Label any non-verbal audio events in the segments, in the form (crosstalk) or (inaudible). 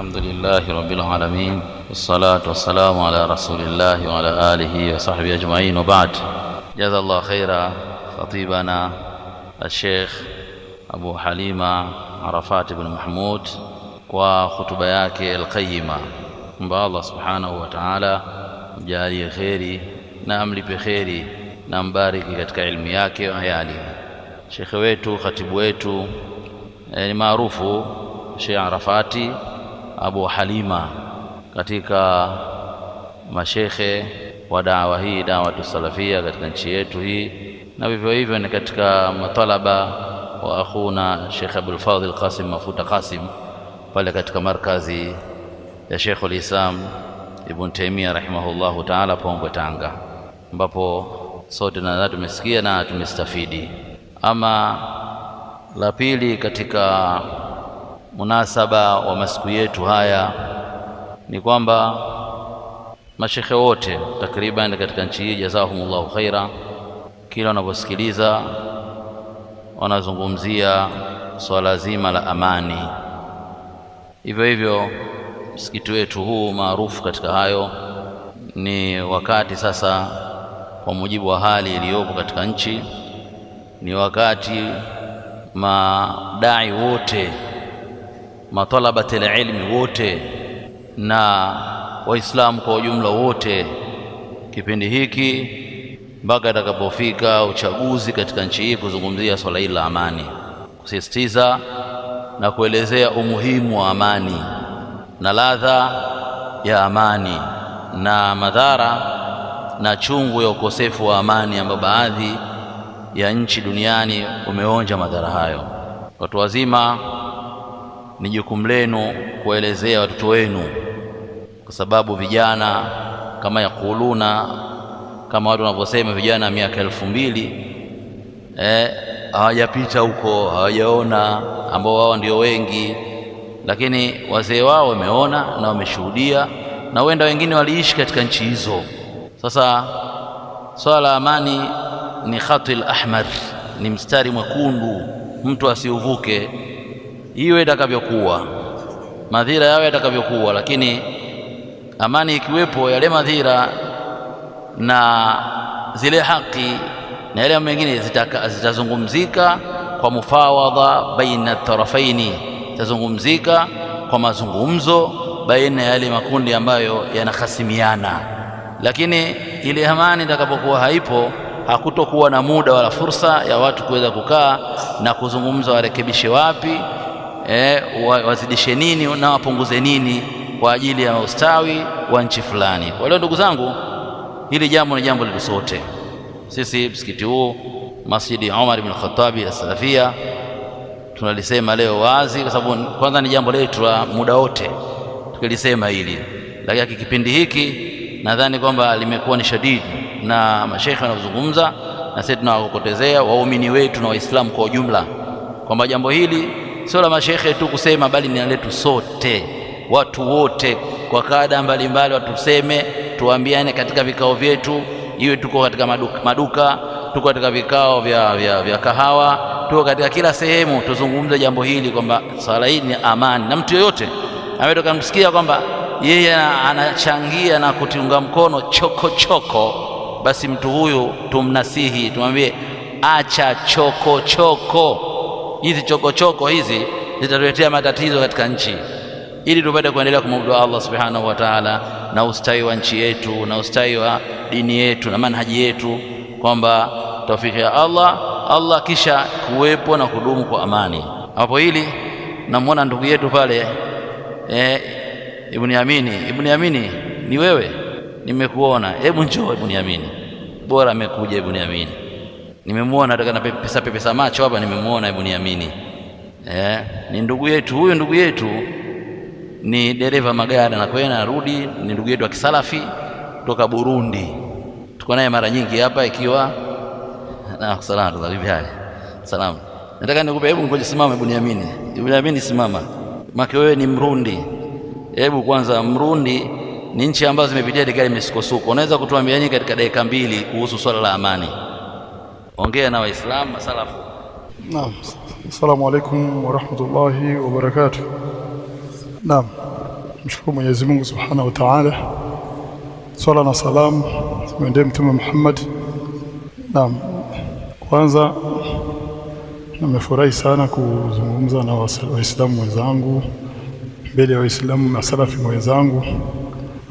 الحمد لله رب العالمين والصلاة والسلام على رسول الله وعلى آله وصحبه أجمعين وبعد جزا الله خيرا خطيبنا الشيخ أبو حليمة عرفات بن محمود وخطبياك القيمة مبا الله سبحانه وتعالى جاري خيري نعمل بخيري نمبارك كتك علمياك وعيالي شيخ ويتو خطيب ويتو يعني معروف شيخ عرفاتي Abu Halima katika mashekhe wa dawa hii dawatu salafia katika nchi yetu hii, na vivyo hivyo ni katika matalaba wa akhuna Sheikh Abdul Fadhil Qasim Mafuta Qasim pale katika markazi ya Sheikhul Islam Ibn Taymiyyah rahimahullahu taala Pongwe, Tanga, ambapo sote nadhani tumesikia na tumestafidi. Ama la pili katika munasaba wa masiku yetu haya ni kwamba mashekhe wote takriban katika nchi hii jazahumullahu khaira, kila wanavyosikiliza wanazungumzia swala zima la amani. Hivyo hivyo msikiti wetu huu maarufu katika hayo, ni wakati sasa, kwa mujibu wa hali iliyopo katika nchi, ni wakati madai wote matalabati ilmi wote na Waislamu kwa ujumla wote, kipindi hiki mpaka atakapofika uchaguzi katika nchi hii, kuzungumzia swala hili la amani, kusisitiza na kuelezea umuhimu wa amani na ladha ya amani na madhara na chungu ya ukosefu wa amani, ambayo baadhi ya nchi duniani umeonja madhara hayo. Watu wazima ni jukumu lenu kuelezea watoto wenu, kwa sababu vijana kama yakuluna, kama watu wanavyosema vijana miaka elfu mbili eh, hawajapita huko, hawajaona, ambao wao ndio wengi, lakini wazee wao wameona na wameshuhudia, na huenda wengine waliishi katika nchi hizo. Sasa swala la amani ni khatil ahmar, ni mstari mwekundu, mtu asiuvuke iwe itakavyokuwa, madhira yao yatakavyokuwa, lakini amani ikiwepo, yale madhira na zile haki na yale mengine zitazungumzika kwa mufawadha baina tarafaini, zitazungumzika kwa mazungumzo baina ya yale makundi ambayo yanahasimiana. Lakini ile amani itakapokuwa haipo, hakutokuwa na muda wala fursa ya watu kuweza kukaa na kuzungumza warekebishe wapi eh, wazidishe nini na wapunguze nini kwa ajili ya ustawi wa nchi fulani. Kwa leo, ndugu zangu, hili jambo ni jambo letu sote sisi. Msikiti huu Masjidi Omar ibn Khattab As-Salafia tunalisema leo wazi, kwa sababu kwanza ni jambo letu la muda wote tukilisema hili, lakini kipindi hiki nadhani kwamba limekuwa ni shadidi na mashekhe wanazungumza na sisi tunawakokotezea waumini wetu na Waislamu kwa ujumla kwamba jambo hili sio la mashehe tu kusema, bali ni letu sote, watu wote kwa kada mbalimbali, watuseme, tuambiane katika vikao vyetu, iwe tuko katika maduka, maduka tuko katika vikao vya, vya, vya kahawa, tuko katika kila sehemu, tuzungumze jambo hili kwamba swala hili ni amani, na mtu yoyote ametoka msikia kwamba yeye anachangia na kutiunga mkono chokochoko choko, basi mtu huyu tumnasihi, tumwambie acha chokochoko hizi chokochoko hizi zitatuletea matatizo katika nchi, ili tupate kuendelea kumwabudu Allah subhanahu wa taala, na ustawi wa nchi yetu na ustawi wa dini yetu na manhaji yetu, kwamba taufiki ya Allah Allah, kisha kuwepo na kudumu kwa amani. Hapo hili namwona ndugu yetu pale eh, Ibn Yamini. Ibn Yamini, ni wewe? Nimekuona, hebu njoo Ibn Yamini. Bora amekuja Ibn Yamini nimemuona na pesa pesa macho hapa, nimemuona hebu niamini. Eh, ni ndugu yetu huyu, ndugu yetu ni dereva magari, anakwenda anarudi, ni ndugu yetu wa kisalafi kutoka Burundi. Tuko naye mara nyingi hapa, ikiwa salamu. Nataka nikupe, hebu ngoja, simama, hebu niamini, hebu niamini, simama, maki wewe ni Mrundi. Hebu kwanza, Mrundi ni nchi ambazo zimepitia katika misukosuko, unaweza kutuambia nyinyi katika dakika mbili kuhusu swala la amani? ongea na Waislamu salafu Naam, assalamu rahmatullahi warahmatullahi barakatuh Naam, mshukuru Mwenyezi Mungu subhanahu wa taala, swala na salamu zimwendee Mtume Muhammad. Naam, kwanza nimefurahi sana kuzungumza na waislamu wenzangu mbele ya waislamu na salafi wenzangu.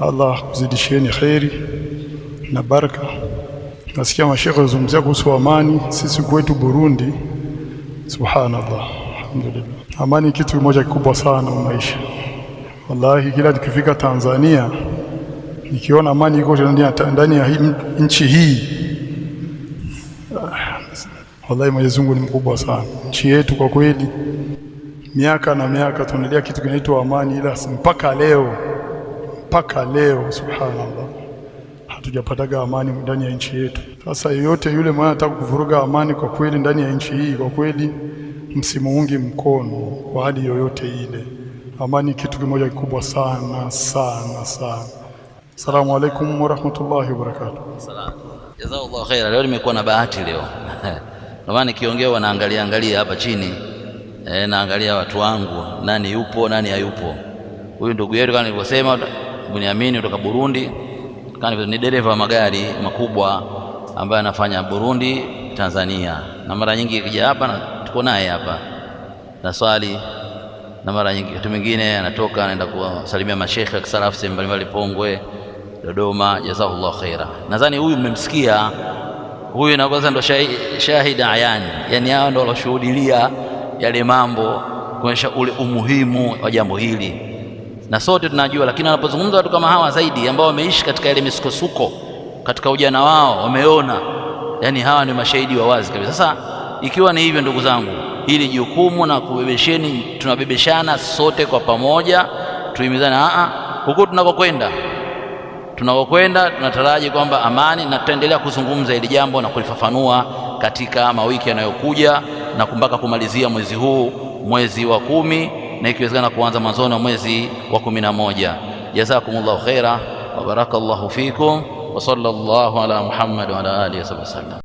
Allah kuzidishieni kheri na baraka Nasikia mashekhe wazungumzia kuhusu amani, sisi kwetu Burundi, subhanallah, alhamdulillah, amani kitu kimoja kikubwa sana maisha. Wallahi, kila nikifika Tanzania nikiona amani iko ndani ya nchi hii, ah, wallahi Mwenyezi Mungu ni mkubwa sana. Nchi yetu kwa kweli, miaka na miaka tunalia kitu kinaitwa amani, ila mpaka leo mpaka leo, subhanallah hatujapataga amani ndani ya nchi yetu. Sasa yeyote yule mwana anataka kuvuruga amani kwa kweli ndani ya nchi hii, kwa kweli msimuungi mkono kwa hali yoyote ile. Amani kitu kimoja kikubwa sana sana sana. Asalamu alaykum wa barakatuh. Salaam. Jazakallahu khaira. Leo nimekuwa na bahati leo (laughs) ndio maana nikiongea wanaangalia angalia hapa chini e, naangalia watu wangu, nani yupo nani hayupo. Huyu ndugu yetu kama nilivyosema, Bunyamini kutoka Burundi ni dereva wa magari makubwa ambaye anafanya Burundi, Tanzania, na mara nyingi akija hapa tuko naye hapa na swali, na mara nyingi wakati mwingine anatoka anaenda kusalimia mashekhe wa sehemu mbalimbali, Pongwe, Dodoma. Jazakallahu khaira. Nadhani huyu mmemsikia huyu, na kwanza ndo shahida ayani, yani hao ndo waloshuhudilia yale mambo kuonyesha ule umuhimu wa jambo hili na sote tunajua, lakini wanapozungumza watu kama hawa zaidi, ambao wameishi katika ile misukosuko katika ujana wao, wameona, yani hawa ni mashahidi wa wazi kabisa. Sasa ikiwa ni hivyo, ndugu zangu, hili jukumu na kubebesheni, tunabebeshana sote kwa pamoja, tuimizane a ah, ah, huku tunakokwenda tunakokwenda tunataraji kwamba amani, na tutaendelea kuzungumza hili jambo na kulifafanua katika mawiki yanayokuja na mpaka kumalizia mwezi huu, mwezi wa kumi na ikiwezekana kuanza mwanzoni wa mwezi wa kumi na moja. Jazakumullahu khaira wa barakallahu fikum wa sallallahu ala Muhammad wa ala alihi wasallam.